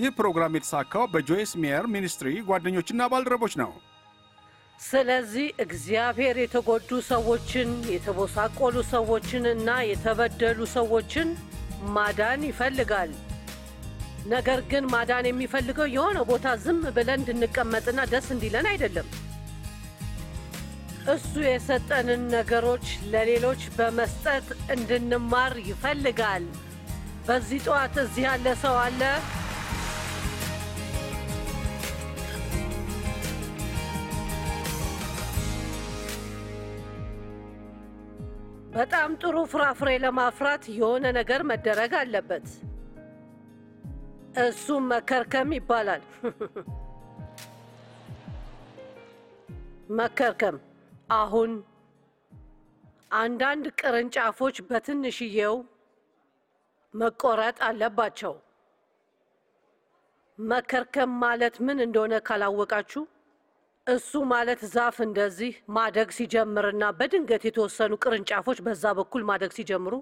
ይህ ፕሮግራም የተሳካው በጆይስ ሜየር ሚኒስትሪ ጓደኞችና ባልደረቦች ነው። ስለዚህ እግዚአብሔር የተጎዱ ሰዎችን፣ የተቦሳቆሉ ሰዎችን እና የተበደሉ ሰዎችን ማዳን ይፈልጋል። ነገር ግን ማዳን የሚፈልገው የሆነ ቦታ ዝም ብለን እንድንቀመጥና ደስ እንዲለን አይደለም። እሱ የሰጠንን ነገሮች ለሌሎች በመስጠት እንድንማር ይፈልጋል። በዚህ ጠዋት እዚህ ያለ ሰው አለ? በጣም ጥሩ ፍራፍሬ ለማፍራት የሆነ ነገር መደረግ አለበት። እሱም መከርከም ይባላል። መከርከም አሁን አንዳንድ ቅርንጫፎች በትንሽዬው መቆረጥ አለባቸው። መከርከም ማለት ምን እንደሆነ ካላወቃችሁ እሱ ማለት ዛፍ እንደዚህ ማደግ ሲጀምርና በድንገት የተወሰኑ ቅርንጫፎች በዛ በኩል ማደግ ሲጀምሩ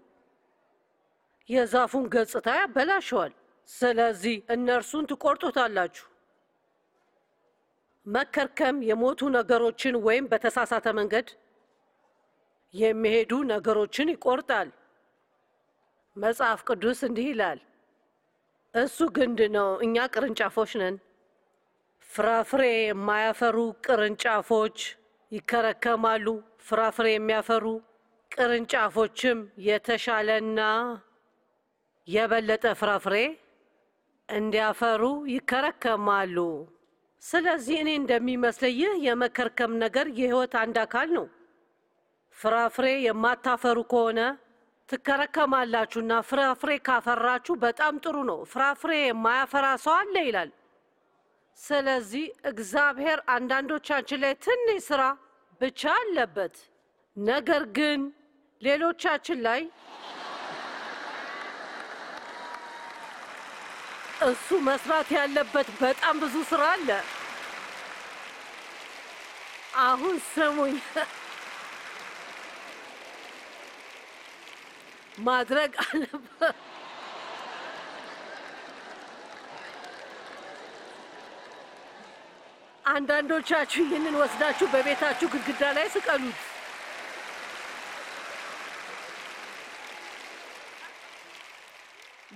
የዛፉን ገጽታ ያበላሸዋል። ስለዚህ እነርሱን ትቆርጦታላችሁ። መከርከም የሞቱ ነገሮችን ወይም በተሳሳተ መንገድ የሚሄዱ ነገሮችን ይቆርጣል። መጽሐፍ ቅዱስ እንዲህ ይላል፣ እሱ ግንድ ነው፣ እኛ ቅርንጫፎች ነን። ፍራፍሬ የማያፈሩ ቅርንጫፎች ይከረከማሉ። ፍራፍሬ የሚያፈሩ ቅርንጫፎችም የተሻለና የበለጠ ፍራፍሬ እንዲያፈሩ ይከረከማሉ። ስለዚህ እኔ እንደሚመስለኝ ይህ የመከርከም ነገር የህይወት አንድ አካል ነው። ፍራፍሬ የማታፈሩ ከሆነ ትከረከማላችሁና ፍራፍሬ ካፈራችሁ በጣም ጥሩ ነው። ፍራፍሬ የማያፈራ ሰው አለ ይላል። ስለዚህ እግዚአብሔር አንዳንዶቻችን ላይ ትንሽ ስራ ብቻ አለበት፣ ነገር ግን ሌሎቻችን ላይ እሱ መስራት ያለበት በጣም ብዙ ስራ አለ። አሁን ስሙኝ፣ ማድረግ አለበት አንዳንዶቻችሁ ይህንን ወስዳችሁ በቤታችሁ ግድግዳ ላይ ስቀሉት።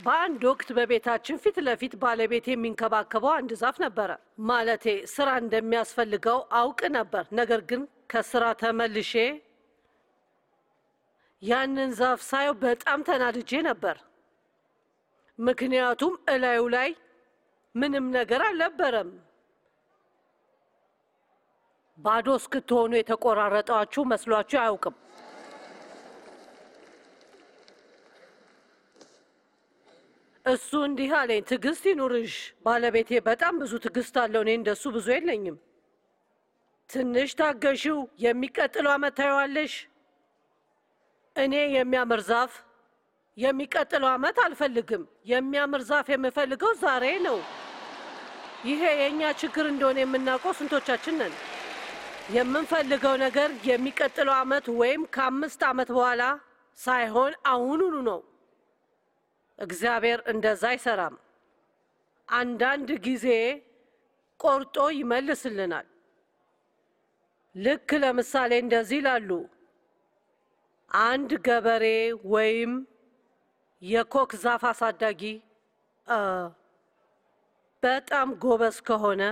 በአንድ ወቅት በቤታችን ፊት ለፊት ባለቤት የሚንከባከበው አንድ ዛፍ ነበረ። ማለቴ ስራ እንደሚያስፈልገው አውቅ ነበር። ነገር ግን ከስራ ተመልሼ ያንን ዛፍ ሳየው በጣም ተናድጄ ነበር። ምክንያቱም እላዩ ላይ ምንም ነገር አልነበረም። ባዶ እስክትሆኑ የተቆራረጣችሁ መስሏችሁ አያውቅም። እሱ እንዲህ አለኝ፣ ትዕግስት ይኑርሽ ባለቤቴ በጣም ብዙ ትዕግስት አለው። እኔ እንደሱ ብዙ የለኝም። ትንሽ ታገሽው፣ የሚቀጥለው ዓመት ታየዋለሽ። እኔ የሚያምር ዛፍ የሚቀጥለው ዓመት አልፈልግም። የሚያምር ዛፍ የምፈልገው ዛሬ ነው። ይሄ የእኛ ችግር እንደሆነ የምናውቀው ስንቶቻችን ነን? የምንፈልገው ነገር የሚቀጥለው ዓመት ወይም ከአምስት ዓመት በኋላ ሳይሆን አሁኑኑ ነው። እግዚአብሔር እንደዛ አይሰራም። አንዳንድ ጊዜ ቆርጦ ይመልስልናል። ልክ ለምሳሌ እንደዚህ ይላሉ። አንድ ገበሬ ወይም የኮክ ዛፍ አሳዳጊ በጣም ጎበዝ ከሆነ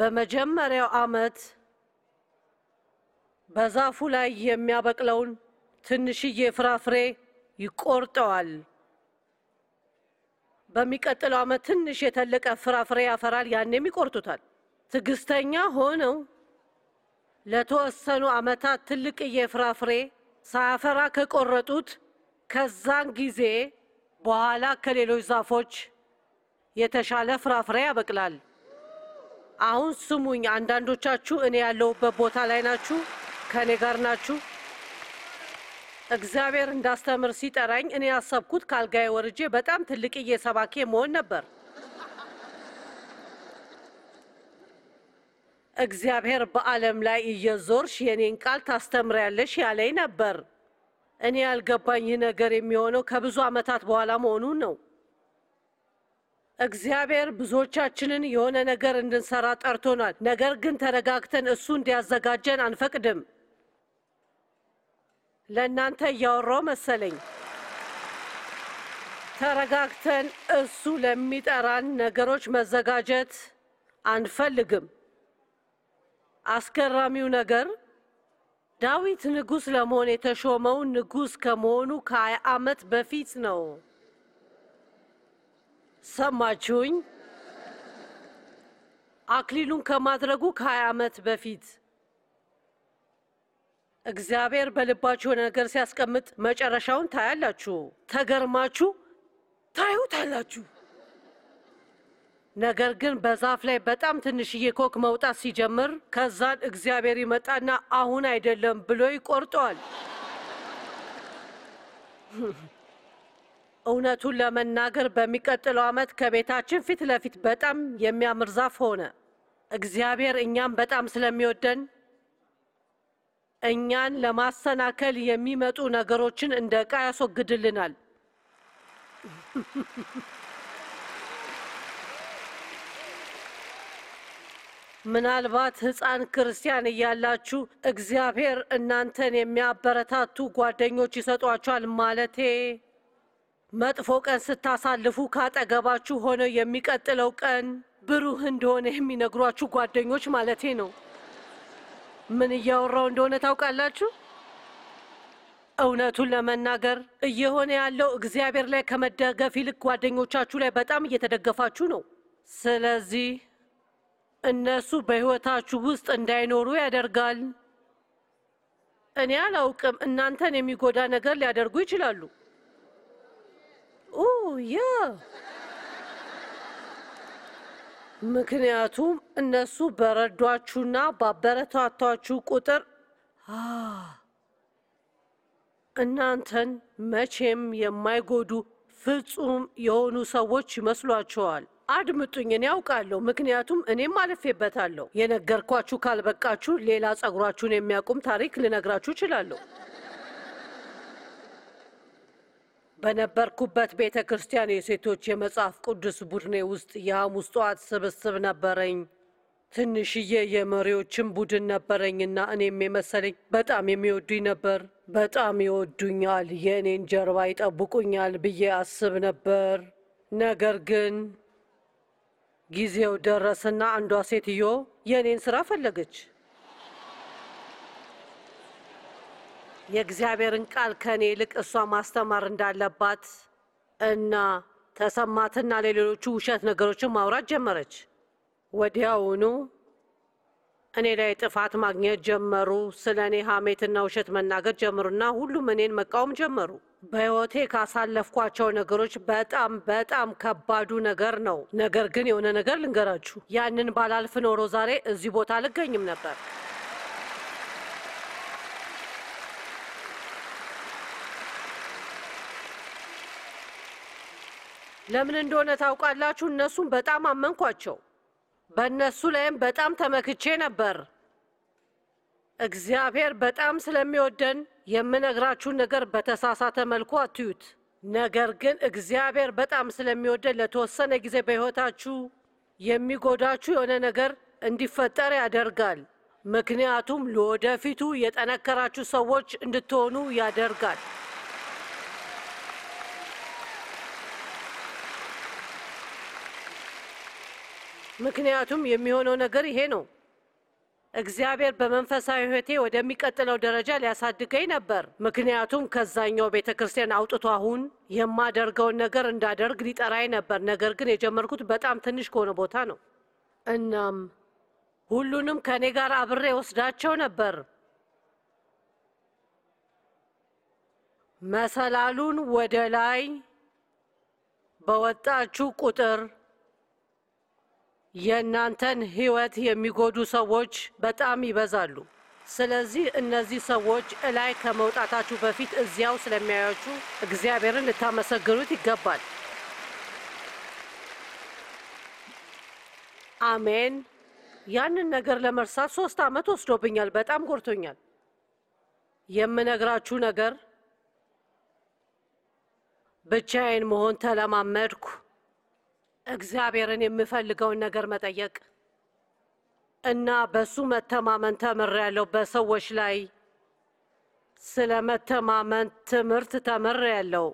በመጀመሪያው ዓመት በዛፉ ላይ የሚያበቅለውን ትንሽዬ ፍራፍሬ ይቆርጠዋል። በሚቀጥለው ዓመት ትንሽ የተለቀ ፍራፍሬ ያፈራል። ያኔም ይቆርጡታል። ትዕግስተኛ ሆነው ለተወሰኑ ዓመታት ትልቅዬ ፍራፍሬ ሳያፈራ ከቆረጡት ከዛን ጊዜ በኋላ ከሌሎች ዛፎች የተሻለ ፍራፍሬ ያበቅላል። አሁን ስሙኝ። አንዳንዶቻችሁ እኔ ያለሁበት ቦታ ላይ ናችሁ፣ ከእኔ ጋር ናችሁ። እግዚአብሔር እንዳስተምር ሲጠራኝ እኔ ያሰብኩት ካልጋዬ ወርጄ በጣም ትልቅዬ ሰባኬ መሆን ነበር። እግዚአብሔር በዓለም ላይ እየዞርሽ የኔን ቃል ታስተምሪያለሽ ያለኝ ነበር። እኔ ያልገባኝ ይህ ነገር የሚሆነው ከብዙ ዓመታት በኋላ መሆኑን ነው። እግዚአብሔር ብዙዎቻችንን የሆነ ነገር እንድንሰራ ጠርቶናል። ነገር ግን ተረጋግተን እሱ እንዲያዘጋጀን አንፈቅድም። ለእናንተ እያወራው መሰለኝ። ተረጋግተን እሱ ለሚጠራን ነገሮች መዘጋጀት አንፈልግም። አስገራሚው ነገር ዳዊት ንጉሥ ለመሆን የተሾመው ንጉሥ ከመሆኑ ከሀያ ዓመት በፊት ነው። ሰማችሁኝ? አክሊሉን ከማድረጉ ከሀያ ዓመት በፊት እግዚአብሔር በልባችሁ የሆነ ነገር ሲያስቀምጥ መጨረሻውን ታያላችሁ። ተገርማችሁ ታዩታላችሁ። ነገር ግን በዛፍ ላይ በጣም ትንሽዬ ኮክ መውጣት ሲጀምር ከዛን እግዚአብሔር ይመጣና አሁን አይደለም ብሎ ይቆርጠዋል። እውነቱን ለመናገር በሚቀጥለው ዓመት ከቤታችን ፊት ለፊት በጣም የሚያምር ዛፍ ሆነ። እግዚአብሔር እኛም በጣም ስለሚወደን እኛን ለማሰናከል የሚመጡ ነገሮችን እንደ ዕቃ ያስወግድልናል። ምናልባት ሕፃን ክርስቲያን እያላችሁ እግዚአብሔር እናንተን የሚያበረታቱ ጓደኞች ይሰጧችኋል ማለቴ መጥፎ ቀን ስታሳልፉ ካጠገባችሁ ሆነው የሚቀጥለው ቀን ብሩህ እንደሆነ የሚነግሯችሁ ጓደኞች ማለቴ ነው። ምን እያወራው እንደሆነ ታውቃላችሁ? እውነቱን ለመናገር እየሆነ ያለው እግዚአብሔር ላይ ከመደገፍ ይልቅ ጓደኞቻችሁ ላይ በጣም እየተደገፋችሁ ነው። ስለዚህ እነሱ በሕይወታችሁ ውስጥ እንዳይኖሩ ያደርጋል። እኔ አላውቅም፣ እናንተን የሚጎዳ ነገር ሊያደርጉ ይችላሉ። ያ ምክንያቱም እነሱ በረዷችሁና ባበረታታችሁ ቁጥር እናንተን መቼም የማይጎዱ ፍጹም የሆኑ ሰዎች ይመስሏቸዋል። አድምጡኝ፣ እኔ ያውቃለሁ፣ ምክንያቱም እኔም አልፌበታለሁ። የነገርኳችሁ ካልበቃችሁ ሌላ ጸጉራችሁን የሚያቁም ታሪክ ልነግራችሁ እችላለሁ። በነበርኩበት ቤተ ክርስቲያን የሴቶች የመጽሐፍ ቅዱስ ቡድኔ ውስጥ የሐሙስ ጠዋት ስብስብ ነበረኝ። ትንሽዬ የመሪዎችን ቡድን ነበረኝና እኔም የመሰለኝ በጣም የሚወዱኝ ነበር። በጣም ይወዱኛል፣ የእኔን ጀርባ ይጠብቁኛል ብዬ አስብ ነበር። ነገር ግን ጊዜው ደረሰና አንዷ ሴትዮ የእኔን ስራ ፈለገች። የእግዚአብሔርን ቃል ከእኔ ይልቅ እሷ ማስተማር እንዳለባት እና ተሰማትና ለሌሎቹ ውሸት ነገሮችን ማውራት ጀመረች። ወዲያውኑ እኔ ላይ ጥፋት ማግኘት ጀመሩ። ስለ እኔ ሀሜትና ውሸት መናገር ጀመሩና ሁሉም እኔን መቃወም ጀመሩ። በህይወቴ ካሳለፍኳቸው ነገሮች በጣም በጣም ከባዱ ነገር ነው። ነገር ግን የሆነ ነገር ልንገራችሁ፣ ያንን ባላልፍ ኖሮ ዛሬ እዚህ ቦታ አልገኝም ነበር። ለምን እንደሆነ ታውቃላችሁ? እነሱን በጣም አመንኳቸው። በእነሱ ላይም በጣም ተመክቼ ነበር። እግዚአብሔር በጣም ስለሚወደን የምነግራችሁን ነገር በተሳሳተ መልኩ አትዩት። ነገር ግን እግዚአብሔር በጣም ስለሚወደን ለተወሰነ ጊዜ በሕይወታችሁ የሚጎዳችሁ የሆነ ነገር እንዲፈጠር ያደርጋል። ምክንያቱም ለወደፊቱ የጠነከራችሁ ሰዎች እንድትሆኑ ያደርጋል። ምክንያቱም የሚሆነው ነገር ይሄ ነው። እግዚአብሔር በመንፈሳዊ ህይወቴ ወደሚቀጥለው ደረጃ ሊያሳድገኝ ነበር። ምክንያቱም ከዛኛው ቤተ ክርስቲያን አውጥቶ አሁን የማደርገውን ነገር እንዳደርግ ሊጠራኝ ነበር። ነገር ግን የጀመርኩት በጣም ትንሽ ከሆነ ቦታ ነው። እናም ሁሉንም ከእኔ ጋር አብሬ ወስዳቸው ነበር። መሰላሉን ወደ ላይ በወጣችሁ ቁጥር የእናንተን ህይወት የሚጎዱ ሰዎች በጣም ይበዛሉ። ስለዚህ እነዚህ ሰዎች እላይ ከመውጣታችሁ በፊት እዚያው ስለሚያያችሁ እግዚአብሔርን ልታመሰግኑት ይገባል። አሜን። ያንን ነገር ለመርሳት ሶስት ዓመት ወስዶብኛል። በጣም ጎርቶኛል! የምነግራችሁ ነገር ብቻዬን መሆን ተለማመድኩ። እግዚአብሔርን የምፈልገውን ነገር መጠየቅ እና በሱ መተማመን ያለው በሰዎች ላይ ስለ መተማመን ትምህርት ያለው።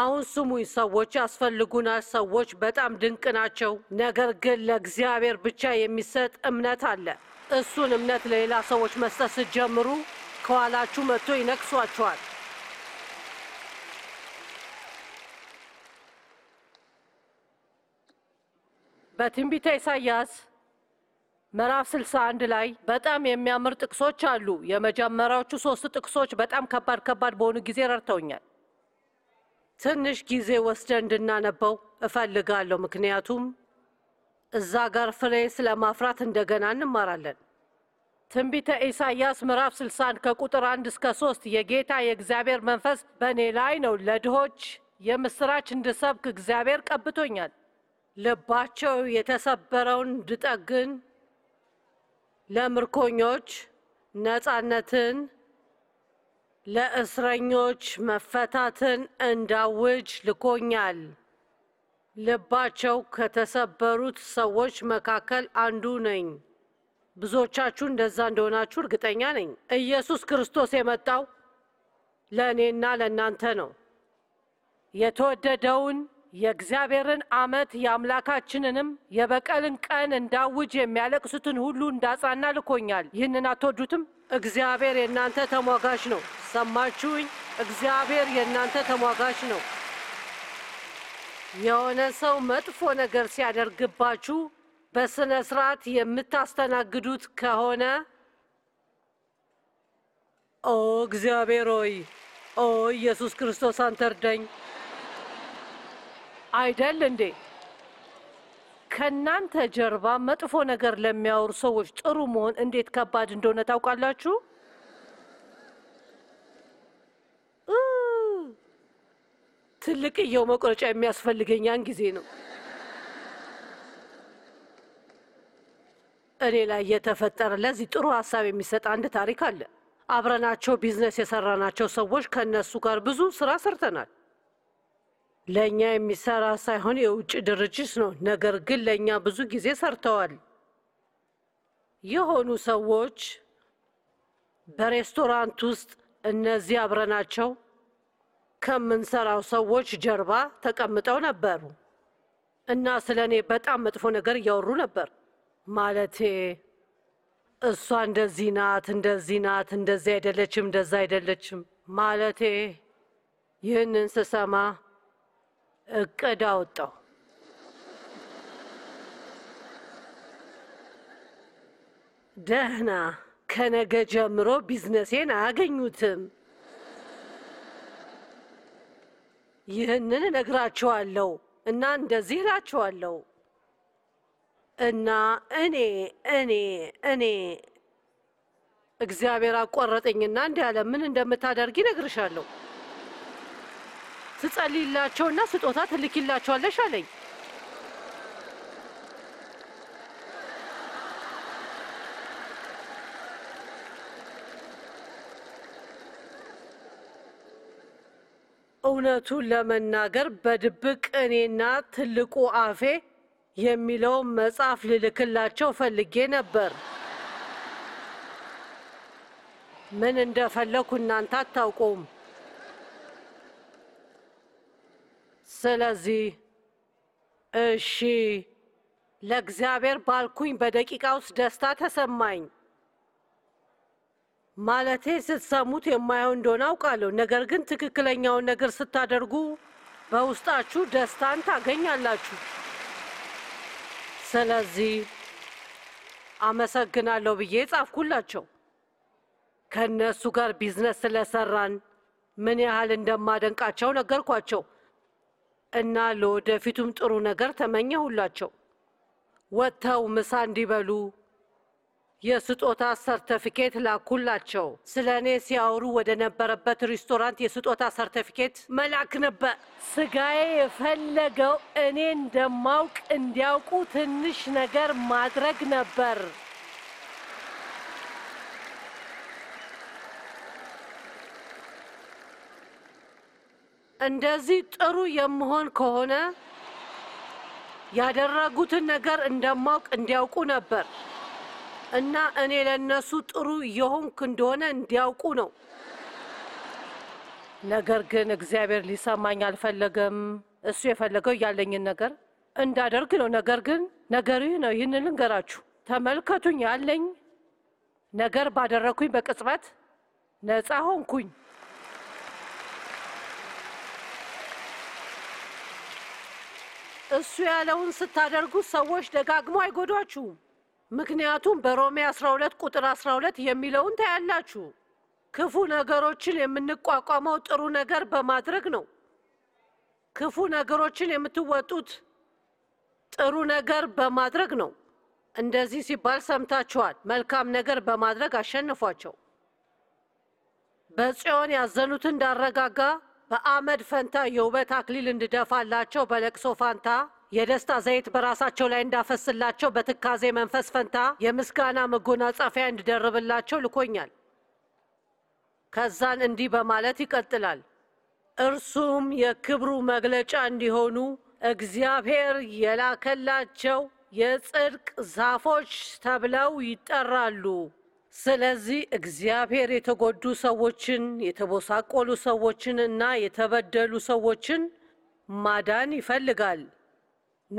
አሁን ስሙኝ ሰዎች ያስፈልጉና ሰዎች በጣም ድንቅ ናቸው። ነገር ግን ለእግዚአብሔር ብቻ የሚሰጥ እምነት አለ። እሱን እምነት ለሌላ ሰዎች መስጠት ስጀምሩ ከኋላችሁ መጥቶ ይነግሷቸዋል በትንቢተ ኢሳያስ ምዕራፍ 61 ላይ በጣም የሚያምር ጥቅሶች አሉ። የመጀመሪያዎቹ ሶስት ጥቅሶች በጣም ከባድ ከባድ በሆኑ ጊዜ ረድተውኛል። ትንሽ ጊዜ ወስደ እንድናነበው እፈልጋለሁ፣ ምክንያቱም እዛ ጋር ፍሬ ስለማፍራት እንደገና እንማራለን። ትንቢተ ኢሳይያስ ምዕራፍ 61 ከቁጥር 1 እስከ 3 የጌታ የእግዚአብሔር መንፈስ በእኔ ላይ ነው፣ ለድሆች የምስራች እንድሰብክ እግዚአብሔር ቀብቶኛል ልባቸው የተሰበረውን እንድጠግን ለምርኮኞች ነፃነትን ለእስረኞች መፈታትን እንዳውጅ ልኮኛል። ልባቸው ከተሰበሩት ሰዎች መካከል አንዱ ነኝ። ብዙዎቻችሁ እንደዛ እንደሆናችሁ እርግጠኛ ነኝ። ኢየሱስ ክርስቶስ የመጣው ለእኔና ለእናንተ ነው። የተወደደውን የእግዚአብሔርን ዓመት የአምላካችንንም የበቀልን ቀን እንዳውጅ የሚያለቅሱትን ሁሉ እንዳጻና ልኮኛል። ይህንን አትወዱትም? እግዚአብሔር የእናንተ ተሟጋች ነው። ሰማችሁኝ? እግዚአብሔር የእናንተ ተሟጋች ነው። የሆነ ሰው መጥፎ ነገር ሲያደርግባችሁ በሥነ ሥርዓት የምታስተናግዱት ከሆነ ኦ እግዚአብሔር ሆይ፣ ኦ ኢየሱስ ክርስቶስ አንተ አይደል እንዴ? ከእናንተ ጀርባ መጥፎ ነገር ለሚያወሩ ሰዎች ጥሩ መሆን እንዴት ከባድ እንደሆነ ታውቃላችሁ። ትልቅየው መቁረጫ የሚያስፈልገኝ ያን ጊዜ ነው። እኔ ላይ የተፈጠረ ለዚህ ጥሩ ሀሳብ የሚሰጥ አንድ ታሪክ አለ። አብረናቸው ቢዝነስ የሰራናቸው ሰዎች ከእነሱ ጋር ብዙ ስራ ሰርተናል። ለእኛ የሚሰራ ሳይሆን የውጭ ድርጅት ነው። ነገር ግን ለእኛ ብዙ ጊዜ ሰርተዋል። የሆኑ ሰዎች በሬስቶራንት ውስጥ እነዚህ አብረናቸው ከምንሰራው ሰዎች ጀርባ ተቀምጠው ነበሩ እና ስለ እኔ በጣም መጥፎ ነገር እያወሩ ነበር። ማለቴ እሷ እንደዚህ ናት፣ እንደዚህ ናት፣ እንደዚህ አይደለችም፣ እንደዛ አይደለችም። ማለቴ ይህንን ስሰማ እቅድ አወጣው። ደህና ከነገ ጀምሮ ቢዝነሴን አያገኙትም። ይህንን እነግራችኋለሁ እና እንደዚህ እላችኋለሁ እና እኔ እኔ እኔ እግዚአብሔር አቋረጠኝና እንዲህ ያለ ምን እንደምታደርጊ ይነግርሻለሁ። ስጸልይላቸውና ስጦታ ትልኪላቸዋለሽ አለኝ። እውነቱን ለመናገር በድብቅ እኔና ትልቁ አፌ የሚለውን መጽሐፍ ልልክላቸው ፈልጌ ነበር። ምን እንደፈለኩ እናንተ አታውቁም። ስለዚህ እሺ ለእግዚአብሔር ባልኩኝ በደቂቃ ውስጥ ደስታ ተሰማኝ። ማለቴ ስትሰሙት የማየው እንደሆነ አውቃለሁ። ነገር ግን ትክክለኛውን ነገር ስታደርጉ በውስጣችሁ ደስታን ታገኛላችሁ። ስለዚህ አመሰግናለሁ ብዬ ጻፍኩላቸው። ከእነሱ ጋር ቢዝነስ ስለሰራን ምን ያህል እንደማደንቃቸው ነገርኳቸው። እና ለወደፊቱም ጥሩ ነገር ተመኘሁላቸው። ወጥተው ምሳ እንዲበሉ የስጦታ ሰርተፊኬት ላኩላቸው። ስለ እኔ ሲያወሩ ወደ ነበረበት ሬስቶራንት የስጦታ ሰርተፊኬት መላክ ነበር። ስጋዬ የፈለገው እኔ እንደማውቅ እንዲያውቁ ትንሽ ነገር ማድረግ ነበር። እንደዚህ ጥሩ የምሆን ከሆነ ያደረጉትን ነገር እንደማውቅ እንዲያውቁ ነበር እና እኔ ለነሱ ጥሩ የሆንክ እንደሆነ እንዲያውቁ ነው። ነገር ግን እግዚአብሔር ሊሰማኝ አልፈለገም። እሱ የፈለገው ያለኝን ነገር እንዳደርግ ነው። ነገር ግን ነገሩ ይህ ነው። ይህን ልንገራችሁ፣ ተመልከቱኝ። ያለኝ ነገር ባደረግኩኝ በቅጽበት ነፃ ሆንኩኝ። እሱ ያለውን ስታደርጉ ሰዎች ደጋግሞ አይጎዷችሁም። ምክንያቱም በሮሜ 12 ቁጥር 12 የሚለውን ታያላችሁ። ክፉ ነገሮችን የምንቋቋመው ጥሩ ነገር በማድረግ ነው። ክፉ ነገሮችን የምትወጡት ጥሩ ነገር በማድረግ ነው። እንደዚህ ሲባል ሰምታችኋል፣ መልካም ነገር በማድረግ አሸንፏቸው። በጽዮን ያዘኑትን እንዳረጋጋ በአመድ ፈንታ የውበት አክሊል እንድደፋላቸው በለቅሶ ፋንታ የደስታ ዘይት በራሳቸው ላይ እንዳፈስላቸው በትካዜ መንፈስ ፈንታ የምስጋና መጎናጸፊያ እንድደርብላቸው ልኮኛል። ከዛን እንዲህ በማለት ይቀጥላል። እርሱም የክብሩ መግለጫ እንዲሆኑ እግዚአብሔር የላከላቸው የጽድቅ ዛፎች ተብለው ይጠራሉ። ስለዚህ እግዚአብሔር የተጎዱ ሰዎችን፣ የተቦሳቆሉ ሰዎችን እና የተበደሉ ሰዎችን ማዳን ይፈልጋል።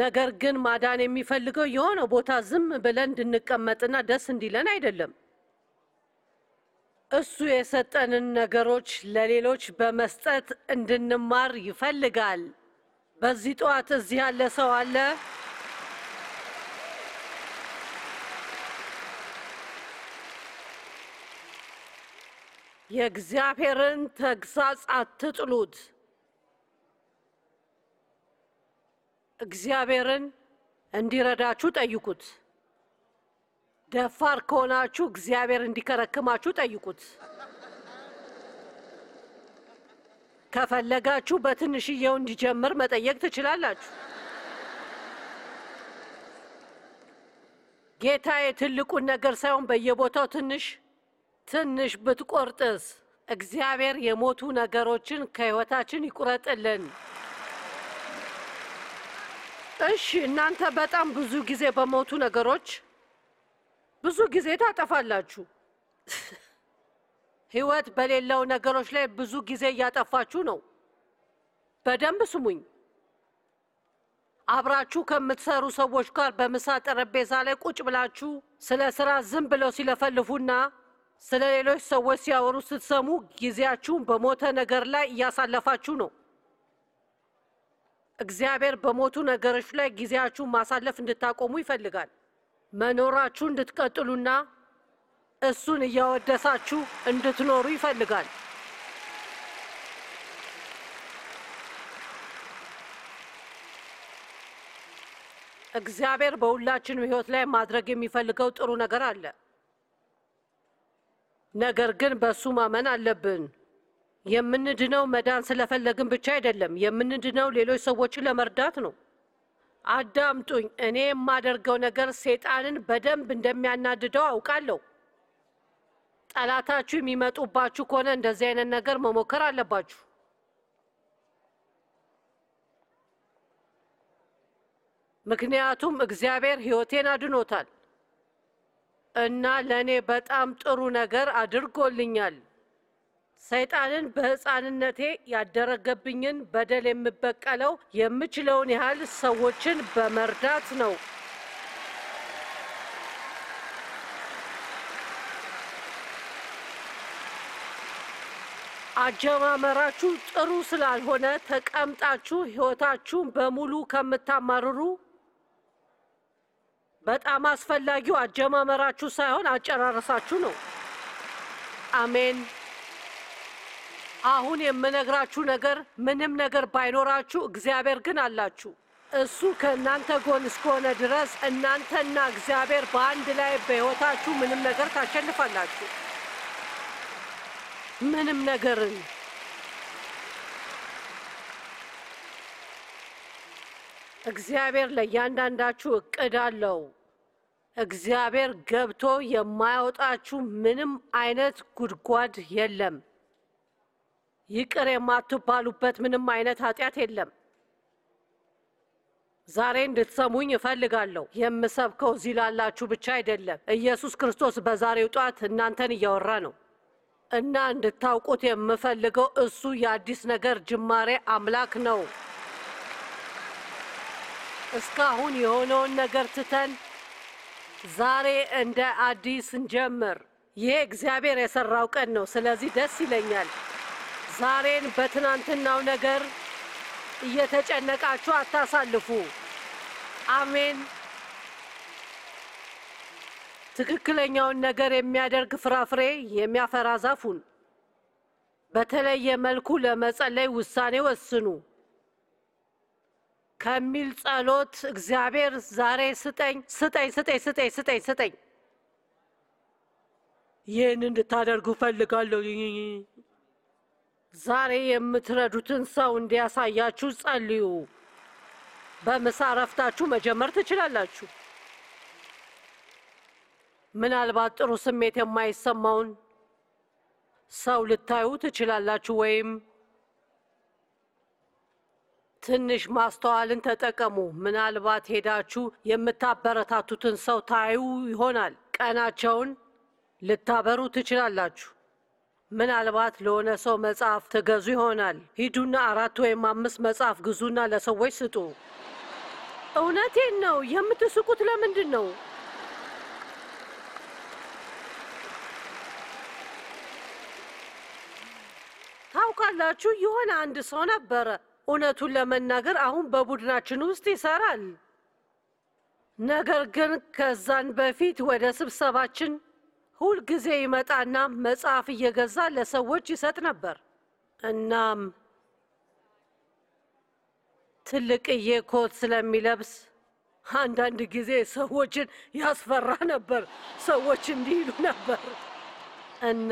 ነገር ግን ማዳን የሚፈልገው የሆነ ቦታ ዝም ብለን እንድንቀመጥና ደስ እንዲለን አይደለም። እሱ የሰጠንን ነገሮች ለሌሎች በመስጠት እንድንማር ይፈልጋል። በዚህ ጠዋት እዚህ ያለ ሰው አለ? የእግዚአብሔርን ተግሳጽ አትጥሉት። እግዚአብሔርን እንዲረዳችሁ ጠይቁት። ደፋር ከሆናችሁ እግዚአብሔር እንዲከረክማችሁ ጠይቁት። ከፈለጋችሁ በትንሽየው እንዲጀምር መጠየቅ ትችላላችሁ። ጌታዬ ትልቁን ነገር ሳይሆን በየቦታው ትንሽ ትንሽ ብትቆርጥስ? እግዚአብሔር የሞቱ ነገሮችን ከህይወታችን ይቁረጥልን። እሺ እናንተ በጣም ብዙ ጊዜ በሞቱ ነገሮች ብዙ ጊዜ ታጠፋላችሁ። ሕይወት በሌለው ነገሮች ላይ ብዙ ጊዜ እያጠፋችሁ ነው። በደንብ ስሙኝ። አብራችሁ ከምትሰሩ ሰዎች ጋር በምሳ ጠረጴዛ ላይ ቁጭ ብላችሁ ስለ ስራ ዝም ብለው ሲለፈልፉና ስለ ሌሎች ሰዎች ሲያወሩ ስትሰሙ ጊዜያችሁን በሞተ ነገር ላይ እያሳለፋችሁ ነው። እግዚአብሔር በሞቱ ነገሮች ላይ ጊዜያችሁን ማሳለፍ እንድታቆሙ ይፈልጋል። መኖራችሁ እንድትቀጥሉና እሱን እያወደሳችሁ እንድትኖሩ ይፈልጋል። እግዚአብሔር በሁላችንም ሕይወት ላይ ማድረግ የሚፈልገው ጥሩ ነገር አለ። ነገር ግን በእሱ ማመን አለብን። የምንድነው መዳን ስለፈለግን ብቻ አይደለም። የምንድነው ሌሎች ሰዎችን ለመርዳት ነው። አዳምጡኝ። እኔ የማደርገው ነገር ሴጣንን በደንብ እንደሚያናድደው አውቃለሁ። ጠላታችሁ የሚመጡባችሁ ከሆነ እንደዚህ አይነት ነገር መሞከር አለባችሁ። ምክንያቱም እግዚአብሔር ሕይወቴን አድኖታል። እና ለእኔ በጣም ጥሩ ነገር አድርጎልኛል። ሰይጣንን በሕፃንነቴ ያደረገብኝን በደል የምበቀለው የምችለውን ያህል ሰዎችን በመርዳት ነው። አጀማመራችሁ ጥሩ ስላልሆነ ተቀምጣችሁ ሕይወታችሁን በሙሉ ከምታማርሩ በጣም አስፈላጊው አጀማመራችሁ ሳይሆን አጨራረሳችሁ ነው። አሜን። አሁን የምነግራችሁ ነገር ምንም ነገር ባይኖራችሁ እግዚአብሔር ግን አላችሁ። እሱ ከእናንተ ጎን እስከሆነ ድረስ እናንተና እግዚአብሔር በአንድ ላይ በሕይወታችሁ ምንም ነገር ታሸንፋላችሁ። ምንም ነገርን እግዚአብሔር ለእያንዳንዳችሁ እቅድ አለው። እግዚአብሔር ገብቶ የማያወጣችሁ ምንም አይነት ጉድጓድ የለም። ይቅር የማትባሉበት ምንም አይነት ኃጢአት የለም። ዛሬ እንድትሰሙኝ እፈልጋለሁ። የምሰብከው እዚህ ላላችሁ ብቻ አይደለም። ኢየሱስ ክርስቶስ በዛሬው ጧት እናንተን እያወራ ነው እና እንድታውቁት የምፈልገው እሱ የአዲስ ነገር ጅማሬ አምላክ ነው። እስካሁን የሆነውን ነገር ትተን ዛሬ እንደ አዲስ እንጀምር። ይሄ እግዚአብሔር የሰራው ቀን ነው። ስለዚህ ደስ ይለኛል። ዛሬን በትናንትናው ነገር እየተጨነቃችሁ አታሳልፉ። አሜን። ትክክለኛውን ነገር የሚያደርግ ፍራፍሬ የሚያፈራ ዛፉን በተለየ መልኩ ለመጸለይ ውሳኔ ወስኑ። ከሚል ጸሎት እግዚአብሔር ዛሬ ስጠኝ ስጠኝ ስጠኝ ስጠኝ ስጠኝ ስጠኝ ይህን እንድታደርጉ ፈልጋለሁ። ዛሬ የምትረዱትን ሰው እንዲያሳያችሁ ጸልዩ። በምሳ መጀመር ትችላላችሁ። ምናልባት ጥሩ ስሜት የማይሰማውን ሰው ልታዩ ትችላላችሁ ወይም ትንሽ ማስተዋልን ተጠቀሙ። ምናልባት ሄዳችሁ የምታበረታቱትን ሰው ታዩ ይሆናል። ቀናቸውን ልታበሩ ትችላላችሁ። ምናልባት ለሆነ ሰው መጽሐፍ ትገዙ ይሆናል። ሂዱና አራት ወይም አምስት መጽሐፍ ግዙና ለሰዎች ስጡ። እውነቴን ነው። የምትስቁት ለምንድን ነው? ታውቃላችሁ፣ የሆነ አንድ ሰው ነበረ እውነቱን ለመናገር አሁን በቡድናችን ውስጥ ይሰራል። ነገር ግን ከዛን በፊት ወደ ስብሰባችን ሁልጊዜ ይመጣና መጽሐፍ እየገዛ ለሰዎች ይሰጥ ነበር። እናም ትልቅዬ ኮት ስለሚለብስ አንዳንድ ጊዜ ሰዎችን ያስፈራ ነበር። ሰዎች እንዲህ ይሉ ነበር እና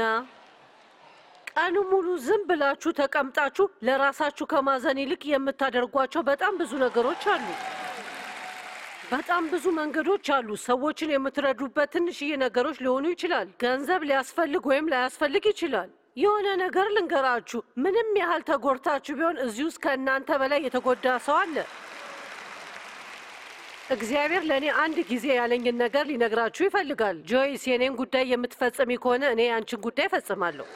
ቀኑ ሙሉ ዝም ብላችሁ ተቀምጣችሁ ለራሳችሁ ከማዘን ይልቅ የምታደርጓቸው በጣም ብዙ ነገሮች አሉ። በጣም ብዙ መንገዶች አሉ። ሰዎችን የምትረዱበት ትንሽዬ ነገሮች ሊሆኑ ይችላል። ገንዘብ ሊያስፈልግ ወይም ላያስፈልግ ይችላል። የሆነ ነገር ልንገራችሁ፣ ምንም ያህል ተጎድታችሁ ቢሆን እዚህ ውስጥ ከእናንተ በላይ የተጎዳ ሰው አለ። እግዚአብሔር ለእኔ አንድ ጊዜ ያለኝን ነገር ሊነግራችሁ ይፈልጋል። ጆይስ፣ የእኔን ጉዳይ የምትፈጽሚ ከሆነ እኔ የአንቺን ጉዳይ እፈጽማለሁ።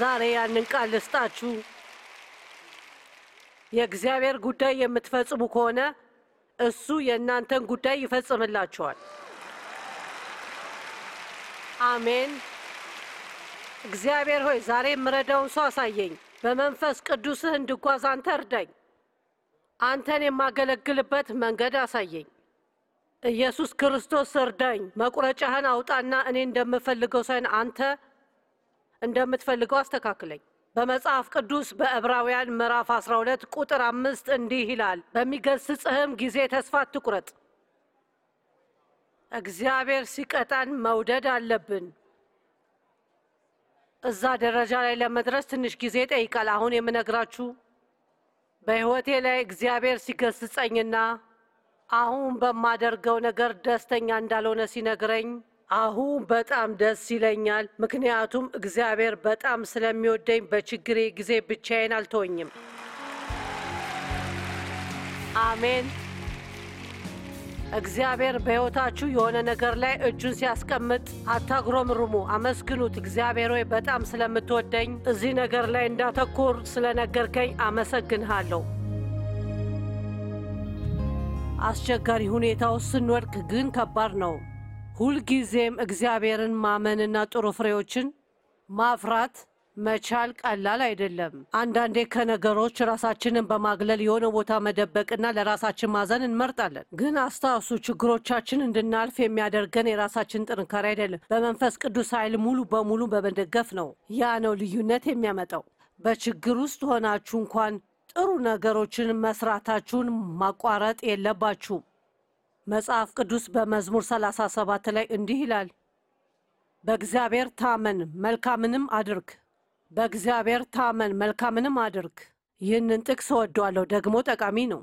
ዛሬ ያንን ቃል ልስጣችሁ። የእግዚአብሔር ጉዳይ የምትፈጽሙ ከሆነ እሱ የእናንተን ጉዳይ ይፈጽምላችኋል። አሜን። እግዚአብሔር ሆይ ዛሬ የምረዳውን ሰው አሳየኝ። በመንፈስ ቅዱስህ እንድጓዝ አንተ እርዳኝ። አንተን የማገለግልበት መንገድ አሳየኝ። ኢየሱስ ክርስቶስ እርዳኝ። መቁረጫህን አውጣና እኔ እንደምፈልገው ሳይሆን አንተ እንደምትፈልገው አስተካክለኝ። በመጽሐፍ ቅዱስ በዕብራውያን ምዕራፍ 12 ቁጥር አምስት እንዲህ ይላል፣ በሚገስጽህም ጊዜ ተስፋ አትቁረጥ። እግዚአብሔር ሲቀጣን መውደድ አለብን። እዛ ደረጃ ላይ ለመድረስ ትንሽ ጊዜ ይጠይቃል። አሁን የምነግራችሁ በሕይወቴ ላይ እግዚአብሔር ሲገስጸኝና አሁን በማደርገው ነገር ደስተኛ እንዳልሆነ ሲነግረኝ አሁን በጣም ደስ ይለኛል፣ ምክንያቱም እግዚአብሔር በጣም ስለሚወደኝ በችግሬ ጊዜ ብቻዬን አልተወኝም። አሜን። እግዚአብሔር በሕይወታችሁ የሆነ ነገር ላይ እጁን ሲያስቀምጥ አታጉረምርሙ፣ አመስግኑት። እግዚአብሔር ሆይ በጣም ስለምትወደኝ እዚህ ነገር ላይ እንዳተኩር ስለነገርከኝ አመሰግንሃለሁ። አስቸጋሪ ሁኔታ ውስጥ ስንወድቅ ግን ከባድ ነው። ሁልጊዜም እግዚአብሔርን ማመንና ጥሩ ፍሬዎችን ማፍራት መቻል ቀላል አይደለም። አንዳንዴ ከነገሮች ራሳችንን በማግለል የሆነ ቦታ መደበቅና ለራሳችን ማዘን እንመርጣለን። ግን አስታውሱ፣ ችግሮቻችን እንድናልፍ የሚያደርገን የራሳችን ጥንካሬ አይደለም፣ በመንፈስ ቅዱስ ኃይል ሙሉ በሙሉ በመደገፍ ነው። ያ ነው ልዩነት የሚያመጣው። በችግር ውስጥ ሆናችሁ እንኳን ጥሩ ነገሮችን መስራታችሁን ማቋረጥ የለባችሁም። መጽሐፍ ቅዱስ በመዝሙር 37 ላይ እንዲህ ይላል፣ በእግዚአብሔር ታመን መልካምንም አድርግ፣ በእግዚአብሔር ታመን መልካምንም አድርግ። ይህንን ጥቅስ እወደዋለሁ፣ ደግሞ ጠቃሚ ነው።